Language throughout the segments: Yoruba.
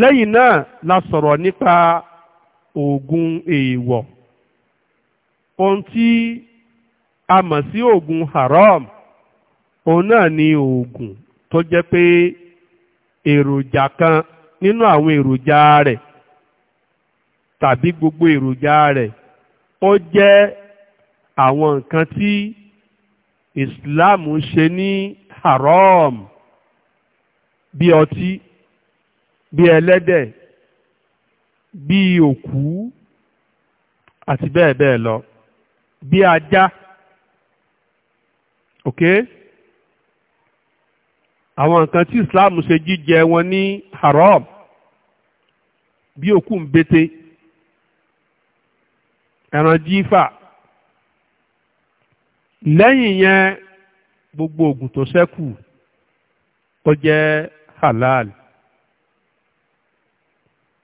lẹ́yìn náà la sọ̀rọ̀ nípa oògùn èèwọ̀ ohun tí a mọ̀ sí oògùn haram òun náà ni oògùn tó jẹ́ pé èròjà kan nínú àwọn èròjà rẹ̀ tàbí gbogbo èròjà rẹ̀ ó jẹ́ àwọn nǹkan tí Islam ṣe ní haram bí ọtí bí ẹlẹ́dẹ̀ bí òkú àti bẹ́ẹ̀ bẹ́ẹ̀ lọ bí ajá ok àwọn nǹkan tí Islam ṣe jíjẹ wọn ní haram bí òkú ń bété ẹran jífà lẹ́yìn yẹn gbogbo oògùn tó ṣẹ́kù ó jẹ́ halal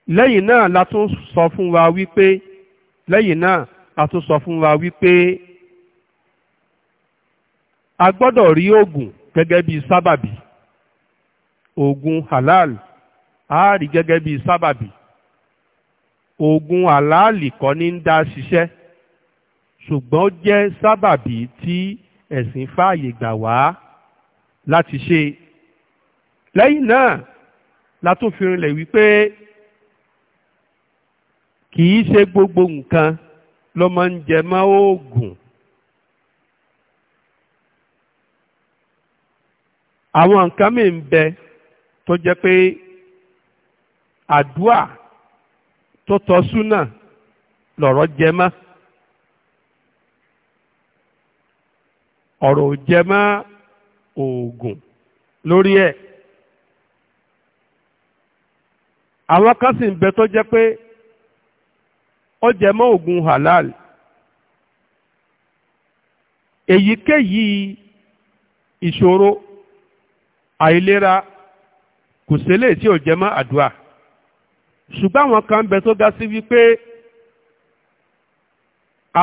lẹ́yìn náà la tún sọ fún wa wípé lẹ́yìn náà la tún sọ fún wa wípé a gbọ́dọ̀ rí oògùn gẹ́gẹ́ bí sábàbí oògùn halal a rí gẹ́gẹ́ bí sábàbí oògùn àlàálì kọ́ ní ń dá ṣiṣẹ́ ṣùgbọ́n jẹ́ sábàbí tí ẹ̀sìn fààyè gbà wá láti ṣe lẹ́yìn náà la fi rinlẹ̀ wípé kì í ṣe gbogbo nǹkan lọ máa ń jẹ mọ́ oògùn. àwọn nǹkan mi ń bẹ tó jẹ pé àdúà tó tọ́ súnà lọ̀rọ̀ jẹ mọ́. ọrọ jẹ mọ́ oògùn lórí ẹ àwọn kan sì ń bẹ tó pé ó jẹ mọ́ oògùn halal èyíkéyìí ìṣòro àìlera kò ṣẹlẹ̀ tí ò jẹ mọ́ àdúrà ṣùgbọ́n àwọn kan ń bẹ tó ga sí wípé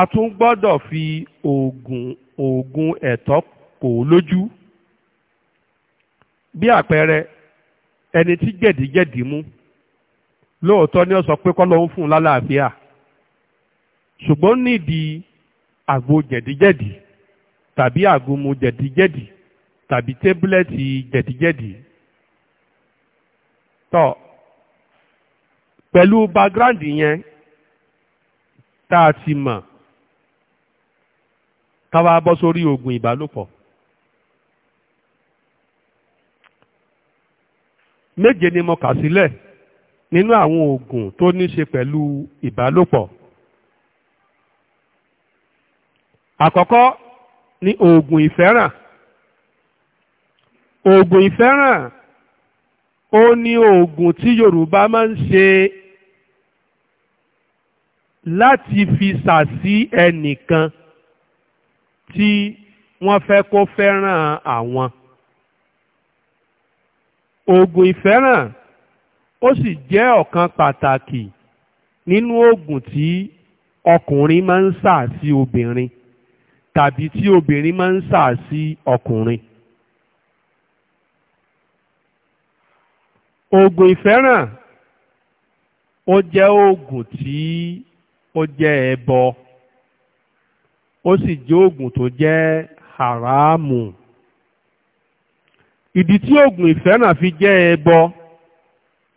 a tún gbọ́dọ̀ fi oògùn oògùn ẹ̀tọ́ kò lójú bí àpẹẹrẹ ẹni tí jẹ̀díjẹ̀dí mú lóòótọ́ ni ó sọ pé kọ́ ló fún un lálàáfíà ṣùgbọ́n nídìí àgbo jẹ̀díjẹ̀dí tàbí àgúnmu jẹ̀díjẹ̀dí tàbí tébúlẹ̀tì jẹ̀díjẹ̀dí. tọ́ pẹ̀lú background yẹn tá a ti mọ̀ ká wá bọ́ sórí oògùn ìbálòpọ̀. méje ni mo kà sílẹ̀ nínú àwọn oògùn tó ní ṣe pẹ̀lú ìbálòpọ̀. àkọ́kọ́ ni oògùn ìfẹ́ràn oògùn ìfẹ́ràn ó ní oògùn tí Yorùbá máa ń ṣe láti fi sàsí ẹnìkan tí wọ́n fẹ́ kó fẹ́ràn àwọn oògùn ìfẹ́ràn ó sì jẹ́ ọ̀kan pàtàkì nínú oògùn tí ọkùnrin máa ń sà sí obìnrin tàbí tí obìnrin máa ń sà sí ọkùnrin. oògùn ìfẹ́ràn ó jẹ́ oògùn tí ó jẹ́ ẹbọ ó sì jẹ́ oògùn tó jẹ́ haramu. ìdí tí oògùn ìfẹ́ràn fi jẹ́ ẹbọ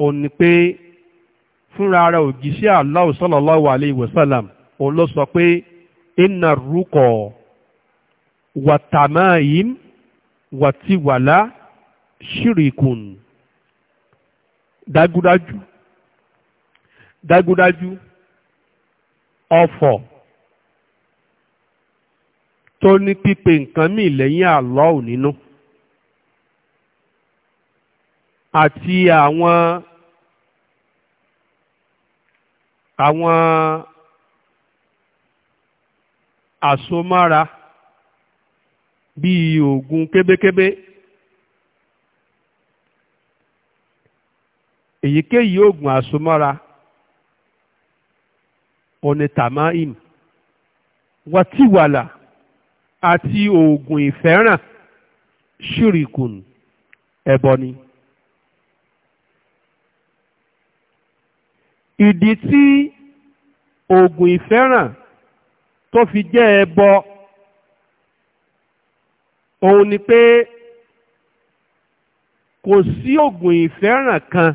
ò ní pé fúnra ara òjíṣẹ́ Allah sallallahu alayhi wa sallam òun ló sọ pé inna rúkọ̀ọ́. wàtàmáyìm wàtíwàlá ṣìrìkùn dágúdájú dágúdájú ọ̀fọ̀ tó ní pípe nǹkan míì lẹ́yìn àlọ́ ò nínú àti àwọn àwọn àsomára bíi oògùn kébékébé èyíkéyìí oògùn àsomọ́ra onítàmáìm wàtíwàlà àti oògùn ìfẹ́ràn ṣùrìkùn ẹbọ ni. ìdí tí oògùn ìfẹ́ràn tó fi jẹ́ ẹbọ òun ni pé kò sí ogun ìfẹ́ràn kan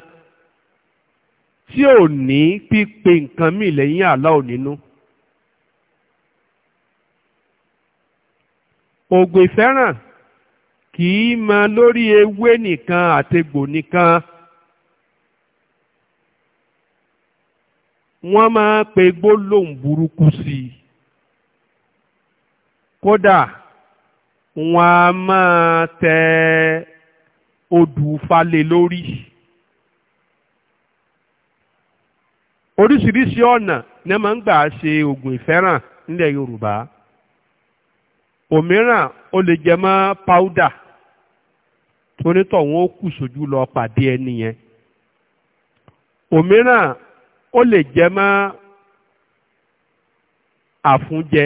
tí ò ní pípe nǹkan míì lẹ́yìn Allah nínú. ogun ìfẹ́ràn kì í mọ lórí ewé nìkan àtegbò nìkan. wọ́n máa ń pe gbólóhùn burúkú sí i. kódà wọ́n a máa tẹ odù falẹ̀ lórí. oríṣiríṣi ọ̀nà ni wọ́n máa ń gbà ṣe oògùn ìfẹ́ràn nílẹ̀ Yorùbá òmíràn o lè jẹ mọ́ páúdà tonítọ̀hún ó kù sójú lọ pàdé ẹni yẹn òmíràn o lè jẹ mọ́ àfúnjẹ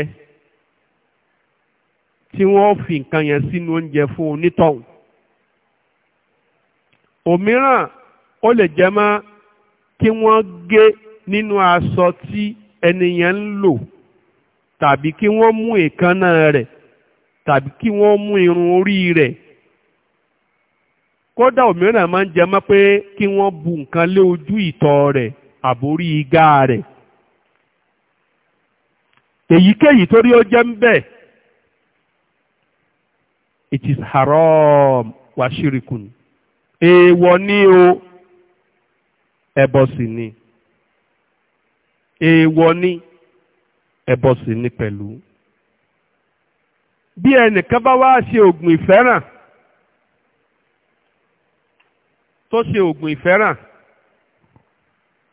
tí wọ́n fi nǹkan yẹn sínú oúnjẹ fún onítọ̀hún òmíràn ó lè jẹ mọ́ kí wọ́n gé nínú aṣọ tí ẹni yẹn ń lò tàbí kí wọ́n mú èékánná rẹ̀ tàbí kí wọ́n mú irun orí rẹ̀ kódà òmíràn máa ń jẹ mọ́ pé kí wọ́n bu nǹkan lé ojú ìtọ̀ rẹ̀ àbórí igá rẹ̀ èyíkéyìí torí ó jẹ́ ń bẹ́ẹ̀ it is haram wa shirikun èèwọ̀ ni o ẹbọ sì ni èèwọ̀ ni ẹbọ sì ni pẹ̀lú bí ẹnìkan bá wá ṣe ògùn ìfẹ́ràn tó ṣe ògùn ìfẹ́ràn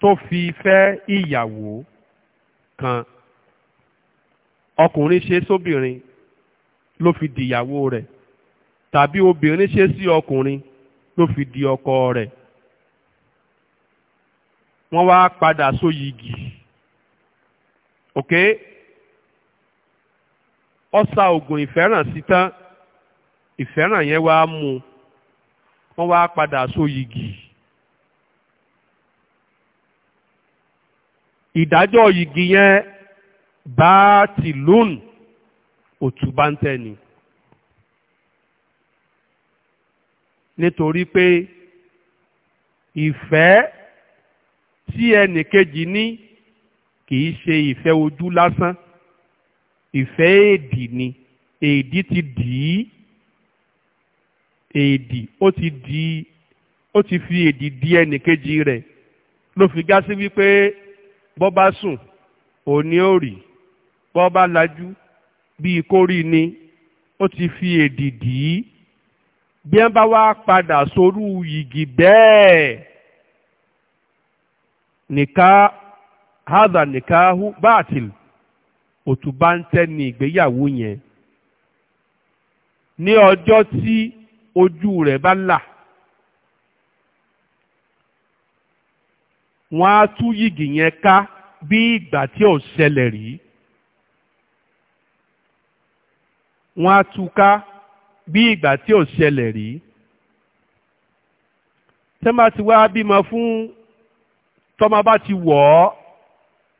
tó fi fẹ́ ìyàwó kan ọkùnrin ṣe sóbìnrin ló fi dìyàwó rẹ̀ tàbí obìnrin ṣe sí ọkùnrin ló fi di ọkọ rẹ̀ wọ́n wá padà sóyigi ok ọ̀sà oògùn ìfẹ́ràn sí tán ìfẹ́ràn yẹn wá mú wọ́n wá padà sóyigi ìdájọ́ yìgì yẹn bá tìlún òtún bá ń tẹ̀ nítorí pé ìfẹ́ tí ẹnìkejì ní kìí ṣe ìfẹ́ ojú lásán ìfẹ́ èdì ni èdì ti dì í èdì ó ti di ó ti fi èdì di ẹnìkejì rẹ̀ ló fi gá sí wípé bọ́ sùn òní ò rí bọ́ lajú bíi kórìí ni ó ti fi èdì dì í. bí wọ́n bá wá padà sorú yìgì bẹ́ẹ̀ nìka hadha nìkahu báàtìl òtúbá ń tẹ́ ní ìgbéyàwó yẹn ní ọjọ́ tí ojú rẹ̀ bá là wọ́n á tú yìgì yẹn ká bí ìgbà tí ò ṣẹlẹ̀ rí wọ́n á tú ká. bí ìgbà tí ò ṣẹlẹ̀ rí tẹ́mà ti wá bímọ fún tọ́mọ bá ti wọ̀ ọ́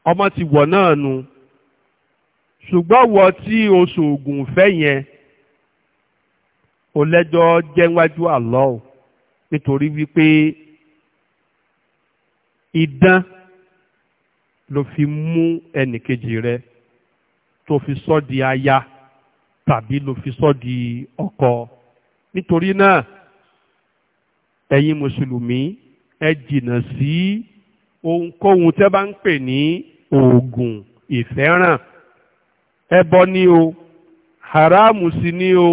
ọmọ ti wọ̀ náà nu ṣùgbọ́n wọ tí oṣù ògùn fẹ́ yẹn ò lẹ́jọ́ jẹ́ wájú àlọ́ ò nítorí wípé idán ló fi mú ẹnìkejì rẹ tó fi sọ́ di aya tàbí ló fi sọ́ di ọkọ nítorí náà ẹ̀yin mùsùlùmí ẹ jìnnà sí ohunkóhun tẹ́ bá ń pè ní oògùn ìfẹ́ràn ẹbọ ni o haramu sì ni o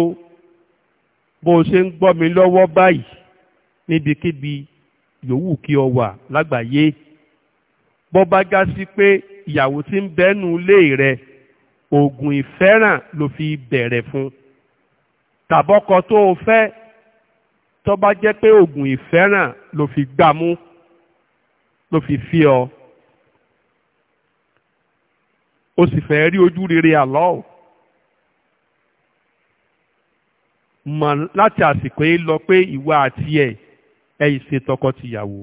bó o ṣe ń gbọ́ mi lọ́wọ́ báyìí níbikíbi yòówù kí o wà lágbàáyé bó bá já sí pé ìyàwó tí ń bẹ́nu ilé rẹ̀ oògùn ìfẹ́ràn ló fi bẹ̀rẹ̀ fún tàbọ́kọ tó o fẹ́ tó bá jẹ́ pé oògùn ìfẹ́ràn ló fi gbámú ló fi fi ọ o sì fẹ́ rí ojú rere àlọ́ o mọ̀ láti àsìkò yìí lọ pé ìwà àti ẹ̀ ẹ̀ ìṣe tọkọtìyàwó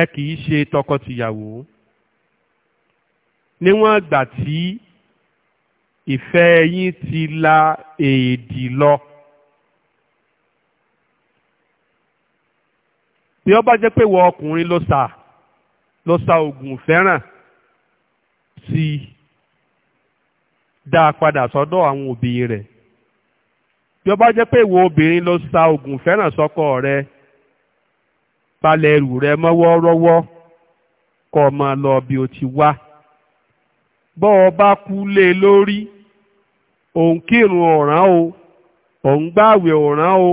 ẹ kì í ṣe tọkọtìyàwó níwọ̀n ìgbà tí ìfẹ́ yín ti la èdì lọ. bí ó bá jẹ́ pé wọ ọkùnrin ló sà ló sa oògùn fẹ́ràn sí i dáa padà sọ́dọ̀ àwọn òbí rẹ̀ bí ó bá jẹ́ pé ìwọ obìnrin ló sa oògùn fẹ́ràn sọ́kọ rẹ palẹ̀ ẹrù rẹ mọ́wọ́rọ́wọ́ kọ́ ọ máa lọ bí o ti wá. bọ́ ọ bá kú lé e lórí òun kírun ọ̀ràn o òun gbààwẹ̀ ọ̀ràn o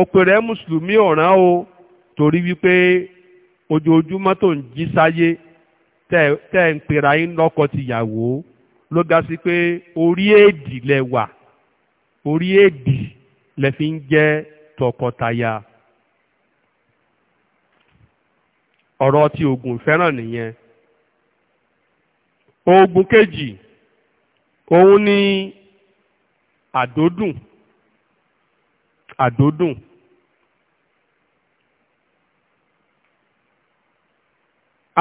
òpèrè mùsùlùmí ọ̀ràn o torí wípé ojoojúmọ́ tó ń jí sáyé tẹ́ ń pera yín lọ́kọ tìyàwó ló ga sí pé orí èdì lẹ wà orí èdì lẹ fi ń jẹ́ tọkọtaya ọ̀rọ̀ ti ogun fẹ́ràn nìyẹn. oògùn kejì òun ni àdódùn àdódùn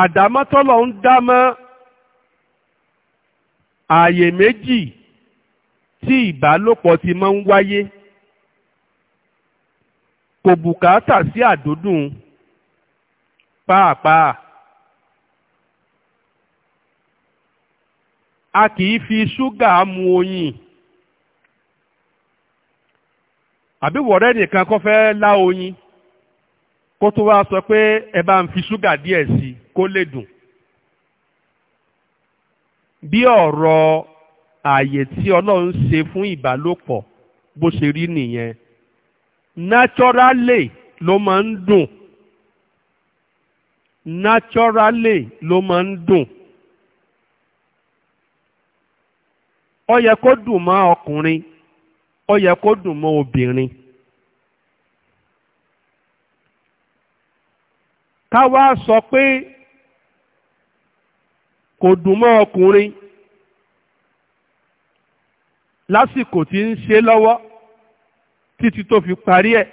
àdámọ́tọ́lọ̀ ń dámọ́ ààyè méjì tí ìbálòpọ̀ ti máa ń wáyé kò bùkátà sí àdódùn pàápàá a kì í fi ṣúgà mu oyin àbí wọ̀rẹ́ nìkan kọ́ fẹ́ lá oyin kó tó wá sọ pé ẹ bá ń fi ṣúgà díẹ̀ sí i kó lè dùn bí ọ̀rọ̀ ààyè tí ọlọ́run ṣe fún ìbálòpọ̀ bó ṣe rí nìyẹn naturally ló máa ń dùn naturally ló máa ń dùn. ọ yẹ kó dùn mọ́ ọkùnrin ọ yẹ kó dùn mọ́ obìnrin. ká wá sọ pé kò dùn mọ́ ọkùnrin lásìkò tí ń ṣe lọ́wọ́ títí tó fi parí ẹ̀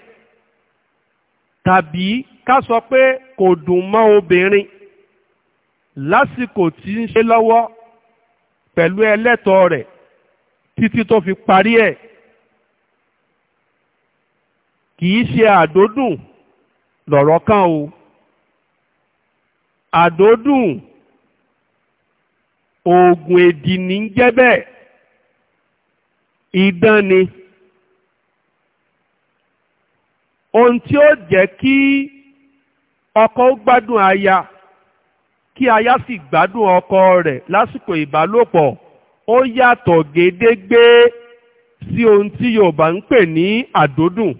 tàbí ká sọ pé kò dùn mọ́ obìnrin lásìkò tí ń ṣe lọ́wọ́ pẹ̀lú ẹlẹ́tọ̀ọ́ rẹ̀ títí tó fi parí ẹ̀ kìí ṣe àdódùn lọ̀rọ̀ kan o àdódùn oògùn èdì ní ń jẹ́ bẹ́ẹ̀ idán ni ohun tí ó jẹ́ kí ọkọ ó gbádùn aya kí aya sì gbádùn ọkọ rẹ̀ lásìkò ìbálòpọ̀. ó yàtọ̀ gédégbé sí ohun tí Yorùbá ń pè ní àdódùn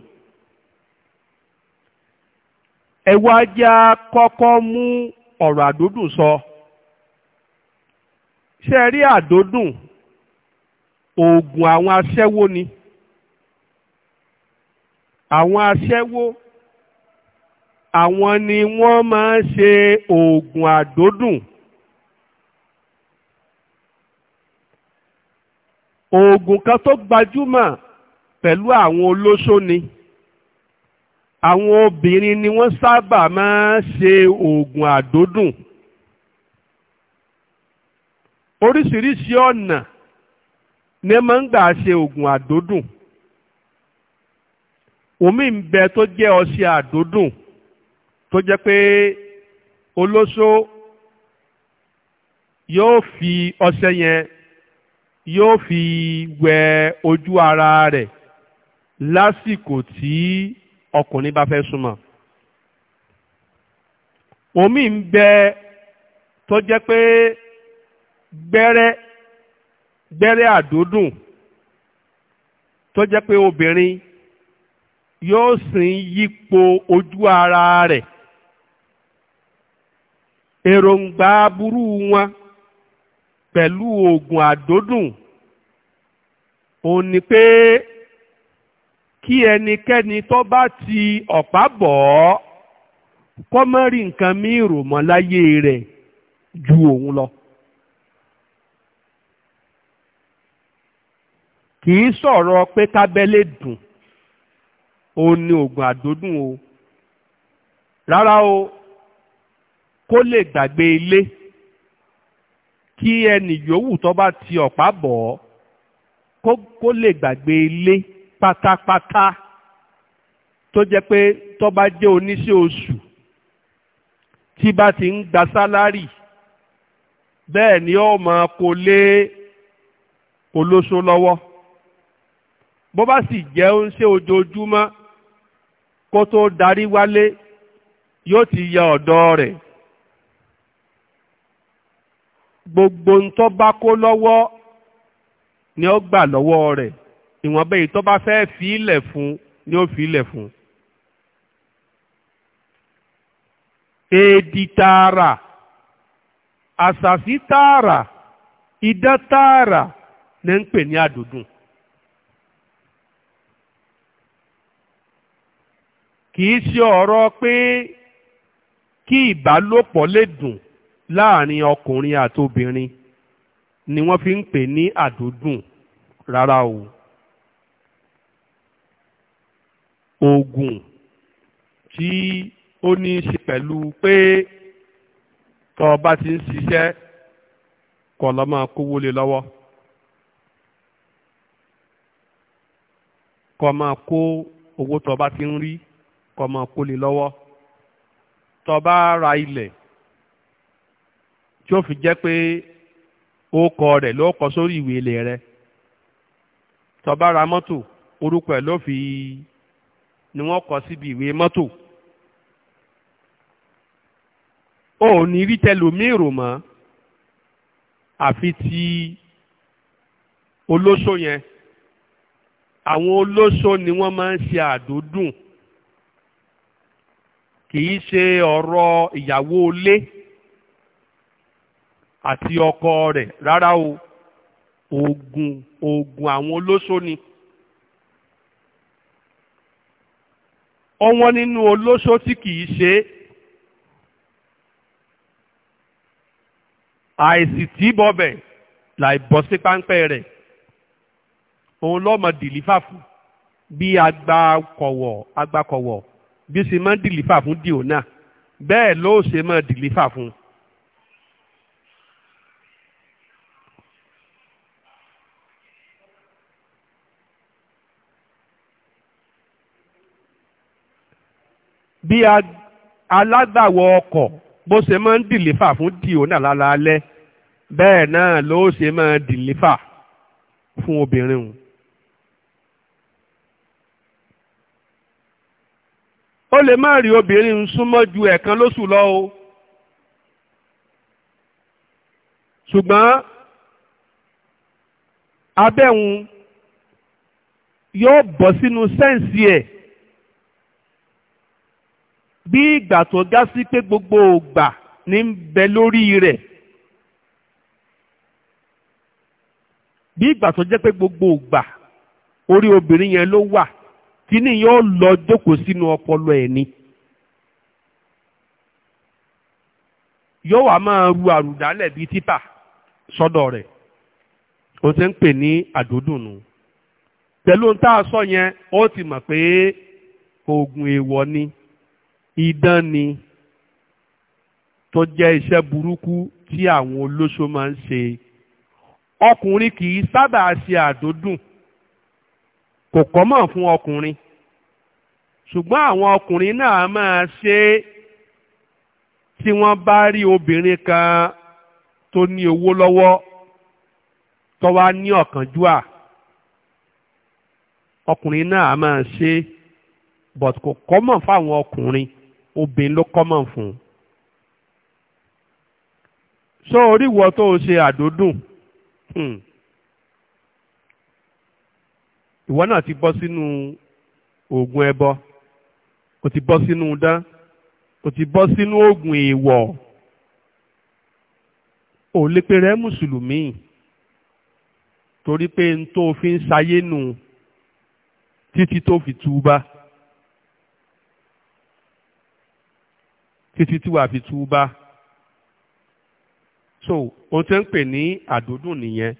Ẹwà já kọ́kọ́ mú ọ̀rọ̀ àdódùn sọ ṣe rí àdódùn oògùn àwọn aṣẹ́wó ni àwọn aṣẹ́wó àwọn ni wọ́n máa ń ṣe oògùn àdódùn oògùn kan tó gbajúmọ̀ pẹ̀lú àwọn olóṣó ni àwọn obìnrin ni wọ́n sábà máa ń ṣe oògùn àdódùn oríṣiríṣi ọ̀nà ni máa ń gbà ṣe oògùn àdódùn omi ń bẹ tó jẹ́ ọṣẹ àdódùn tó jẹ́ pé olóṣó yóò fi ọṣẹ yẹn yóò fi wẹ ojú ara rẹ̀ lásìkò tí ọkùnrin bá fẹ́ súnmọ́ omi ń bẹ tó jẹ́ pé gbẹ́rẹ́ gbẹ́rẹ́ àdódùn tó jẹ́ pé obìnrin yóò sin yípo ojú ara rẹ̀ èròǹgbà burú wọn pẹ̀lú oògùn àdódùn òun ni pé kí ẹnikẹ́ni tó bá ti ọ̀pá bọ̀ ọ́ kó má rí nǹkan míì rò mọ́ láyé rẹ̀ ju òun lọ. kì í sọ̀rọ̀ pé tábẹ́lẹ̀ dùn òun ni oògùn àdódùn o rárá o kó lè gbàgbé ilé kí ẹnì yòówù tó bá ti ọ̀pá bọ̀ ọ́ kó lè gbàgbé ilé pátápátá tó jẹ́ pé tó bá jẹ́ oníṣẹ́ oṣù tí bá ti ń gba sálárì bẹ́ẹ̀ ni ó máa kó lé olóṣó lọ́wọ́ bó bá sì jẹ́ oníṣẹ́ ojoojúmọ́ kó tó darí wálé yóò ti yẹ ọ̀dọ́ rẹ̀ gbogbo ń tó bá kó lọ́wọ́ ni ó gbà lọ́wọ́ rẹ̀ ìwọ̀nba èyí tó bá fẹ́ fi ilẹ̀ fún ni ó fi ilẹ̀ fún. èdì tààrà àṣàsí tààrà idán tààrà ni ń pè ní àdùdùn. kì í ṣe ọ̀rọ̀ pé kí ìbálòpọ̀ lè dùn láàrin ọkùnrin àtobìnrin ni wọ́n fi ń pè ní àdúdùn rárá o oògùn tí ó ní í ṣe pẹ̀lú pé tó o bá ti ń ṣiṣẹ́ kọ́ lọ́ máa kówó lé lọ́wọ́ kọ́ máa kó owó tó ti ń rí kọ́ máa kó lé lọ́wọ́ tó ra ilẹ̀ tí ó fi jẹ́ pé ó kọ rẹ̀ ló kọ sórí ìwé ilé rẹ̀ tó ra mọ́tò orúkọ ẹ̀ ló fi ni wọ́n kọ síbi ìwé mọ́tò ó ní rí tẹlòmíì rò mọ́ àfi ti olóṣó yẹn àwọn olóṣó ni wọ́n máa ń ṣe àdódùn kì í ṣe ọ̀rọ̀ ìyàwó ilé àti ọkọ rẹ̀ rárá o oògùn oògùn àwọn olóṣó ni ọwọ́n nínú olóṣó tí kìí ṣe àìsí tí bọ́bẹ̀ láì bọ́ sí páńpẹ́ rẹ̀ òun lọ́mọ dìlífà fún bí agbákọ̀wọ̀ agbákọ̀wọ̀ bí ṣe máa ń dìlífà fún dìó náà bẹ́ẹ̀ ló ṣe máa dìlífà fún un. bí aládàwọ̀ ọkọ̀ bó ṣe máa ń dìlífà fún dìónà lálaalẹ́ bẹ́ẹ̀ náà ló ṣe máa dìlífà fún obìnrin o. ó lè má rí obìnrin ń súnmọ́ ju ẹ̀kan lóṣù lọ o ṣùgbọ́n abẹ́hùn yóò bọ̀ sínú sẹ́ǹsì ẹ̀. bí ìgbà tó gá sí pé gbogbo ògbà ní ń bẹ lórí rẹ̀ bí ìgbà tó jẹ́ pé gbogbo ògbà orí obìnrin yẹn ló wà kíní yóò lọ jókòó sínú ọpọlọ ẹ̀ ni. yóò wá máa ru àrùdálẹ̀ bíi títà sọ́dọ̀ rẹ̀ o ti ń pè ní àdódùnú pẹ̀lú ohun tá a sọ yẹn ó ti mọ̀ pé oògùn èèwọ̀ ni. idán ni tó jẹ́ iṣẹ́ burúkú tí àwọn olóṣó máa ń ṣe ọkùnrin kì í sábà ṣe àdódùn kò kọ́mọ̀ fún ọkùnrin ṣùgbọ́n àwọn ọkùnrin náà máa ṣe tí wọ́n bá rí obìnrin kan tó ní owó lọ́wọ́ tó wá ní ọ̀kánjúà ọkùnrin náà máa ṣe but kò kọ́mọ̀ fáwọn ọkùnrin obìnrin ló kọ́mọ̀ fún so oríwọ tó o ṣe àdódùn hmm. ìwọ náà ti bọ́ sínú oògùn ẹbọ o ti bọ́ sínú dán o ti bọ́ sínú oògùn èèwọ̀ ò lè pe rẹ mùsùlùmí torí pé n tó fi ń ṣayé nù títí tó fi túbá. títí tí wàá fi túbá so ohun tí wọ́n ń pè ní àdódùn nìyẹn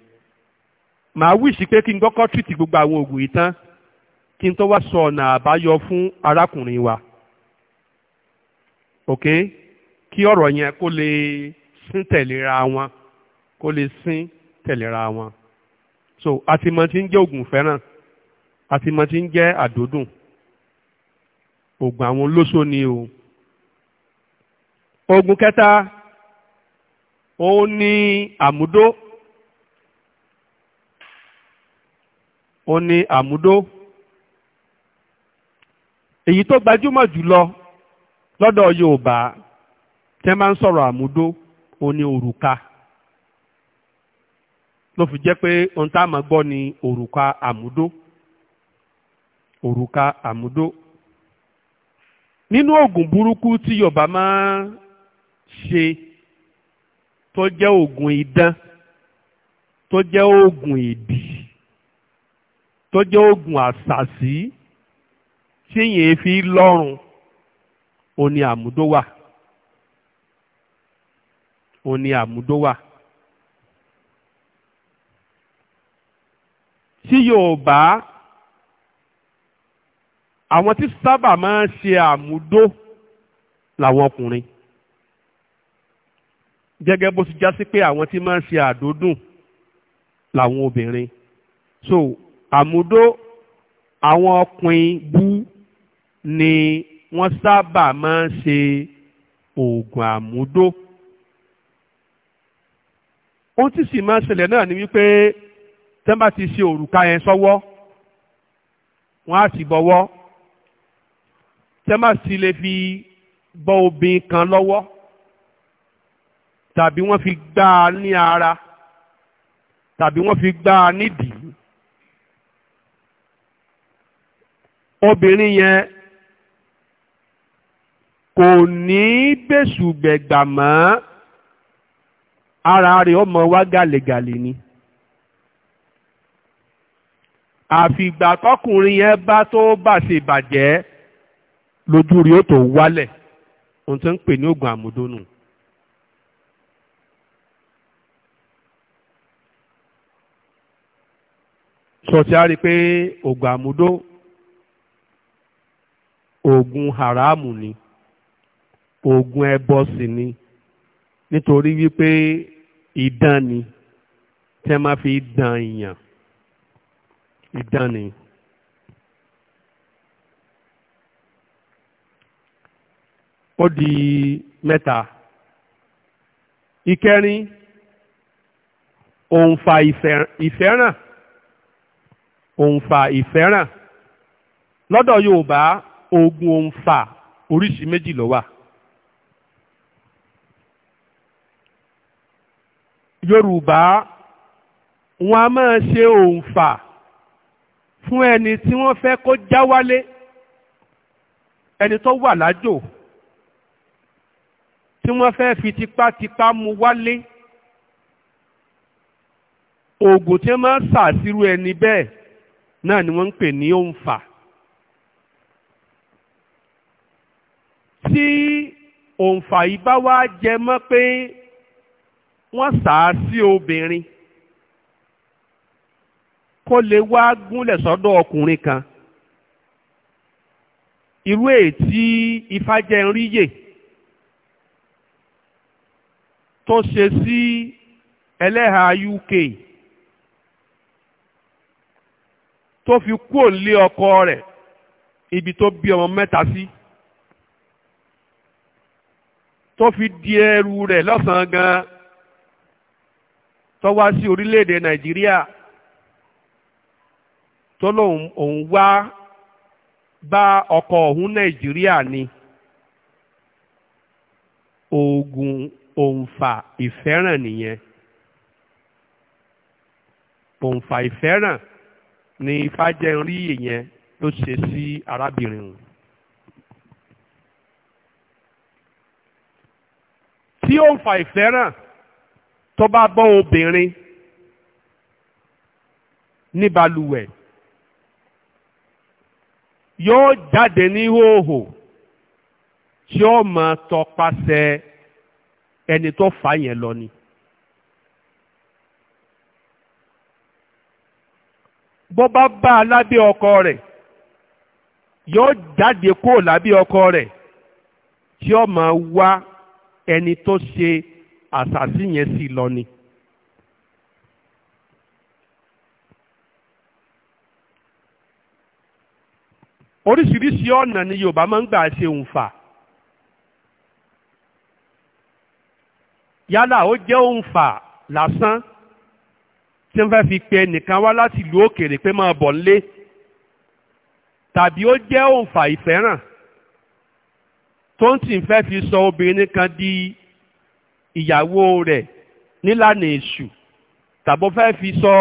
màá wíṣì pé kí n kọ́kọ́ tìtì gbogbo àwọn oògùn yìí tán kí n tó wá sọ ọ̀nà àbáyọ fún arákùnrin wa ok kí ọ̀rọ̀ yẹn kó lè sín tẹ̀léra wọn kó lè sín tẹ̀léra wọn so àtìmọ̀ tí ń jẹ́ oògùn fẹ́ràn àtìmọ̀ tí ń jẹ́ àdódùn oògùn àwọn olóṣó ni o. ogun kẹta òun ni àmúdó òun ni àmúdó èyí tó gbajúmọ̀ jùlọ lọ́dọ̀ Yorùbá tẹ́ máa ń sọ̀rọ̀ àmúdó òun ni òrùka ló fi jẹ́ pé ohun tá a máa gbọ́ ni òrùka àmúdó òrùka àmúdó nínú ogun burúkú tí Yorùbá máa ṣe tó jẹ́ oògùn idán tó jẹ́ oògùn ìdì tó jẹ́ oògùn àṣàṣì tí yẹn fi lọ́rùn ó ní àmúdó wà ó ní àmúdó àwọn tí sábà máa ń ṣe àmúdó làwọn ọkùnrin gẹ́gẹ́ bó ti já sí pé àwọn tí máa ń ṣe àdódùn làwọn obìnrin so àmúdó àwọn ọkùnrin bú ni wọ́n sábà máa ń ṣe oògùn àmúdó ohun tí sì máa ń ṣẹlẹ̀ náà ni wípé tẹ́ bá ti ṣe òrùka yẹn sọ́wọ́ wọ́n á sì bọ́wọ́ tẹ́ bá sì lè fi bọ́ obìnrin kan lọ́wọ́ tàbí wọ́n fi gbá a ní ara tàbí wọ́n fi gbá a nídìí obìnrin yẹn kò ní bẹ́sùgbẹ̀gbà mọ́ ara rẹ̀ ọmọ wa gàlẹ́gàlẹ́ ni àfìgbà tọkùnrin yẹn bá tó bá ṣe bàjẹ́ lójú rí ó tó wálẹ̀ ohun tó ń pè ní oògùn àmúdónù sọtí á rí i pé oògùn àmúdó oògùn haramu ni oògùn ẹbọ sì ni nítorí wípé idán ni tẹ́ máa fi dán èèyàn idán ni. ó di mẹ́ta ìkẹrin òǹfà ìfẹ́ràn òǹfà ìfẹ́ràn lọ́dọ̀ Yorùbá oògùn òǹfà oríṣi méjì ló wà. Yorùbá wọn a máa ṣe òǹfà fún ẹni tí wọ́n fẹ́ kó já wálé ẹni tó wà lájò tí wọ́n fẹ́ fi tipátipá mú wálé oògùn tí wọ́n máa ń sà sírú ẹni bẹ́ẹ̀ náà ni wọ́n ń pè ní òǹfà tí òǹfà yìí bá wá jẹ mọ́ pé wọ́n sà á sí obìnrin kó lè wá gúnlẹ̀ sọ́dọ̀ ọkùnrin kan irú èyí tí rí yè tó ṣe sí ẹlẹ́ha UK tó fi kúò lé ọkọ rẹ̀ ibi tó bí ọmọ mẹ́ta sí tó fi di ẹrù rẹ̀ lọ́sàn-án gan tó wá sí orílẹ̀-èdè Nàìjíríà tó lóun òun wá bá ọkọ òun Nàìjíríà ni oògùn òǹfà ìfẹ́ràn nìyẹn òǹfà ìfẹ́ràn ni fájẹ́nrí yẹn ló ṣe sí arábìnrin wọn. tí ó ń fa ìfẹ́ràn tó bá bọ́ obìnrin ní balùwẹ̀ yóò jáde ní hóhò tí ó máa tọpasẹ̀ ẹni tó fà yẹn lọ ni. bó bá bá a lábẹ́ ọkọ rẹ̀ yóò jáde kúrò lábẹ́ ọkọ rẹ̀ tí ó máa wá ẹni tó ṣe àṣàṣì yẹn sí lọ ni. oríṣiríṣi ọ̀nà ni Yorùbá máa ń gbà ṣe òǹfà yálà ó jẹ́ òǹfà lásán tí wọ́n fẹ́ fi pe ẹnìkan wá láti ìlú òkèèrè pé máa bọ̀ nílé tàbí ó jẹ́ òǹfà ìfẹ́ràn tó ń tì ń fẹ́ fi sọ obìnrin kan di ìyàwó rẹ̀ nílànà èṣù tàbó fẹ́ fi sọ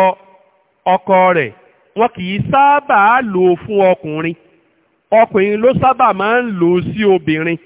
ọkọ rẹ̀ wọn kì í sábà lò fún ọkùnrin ọkùnrin ló sábà máa ń lò sí obìnrin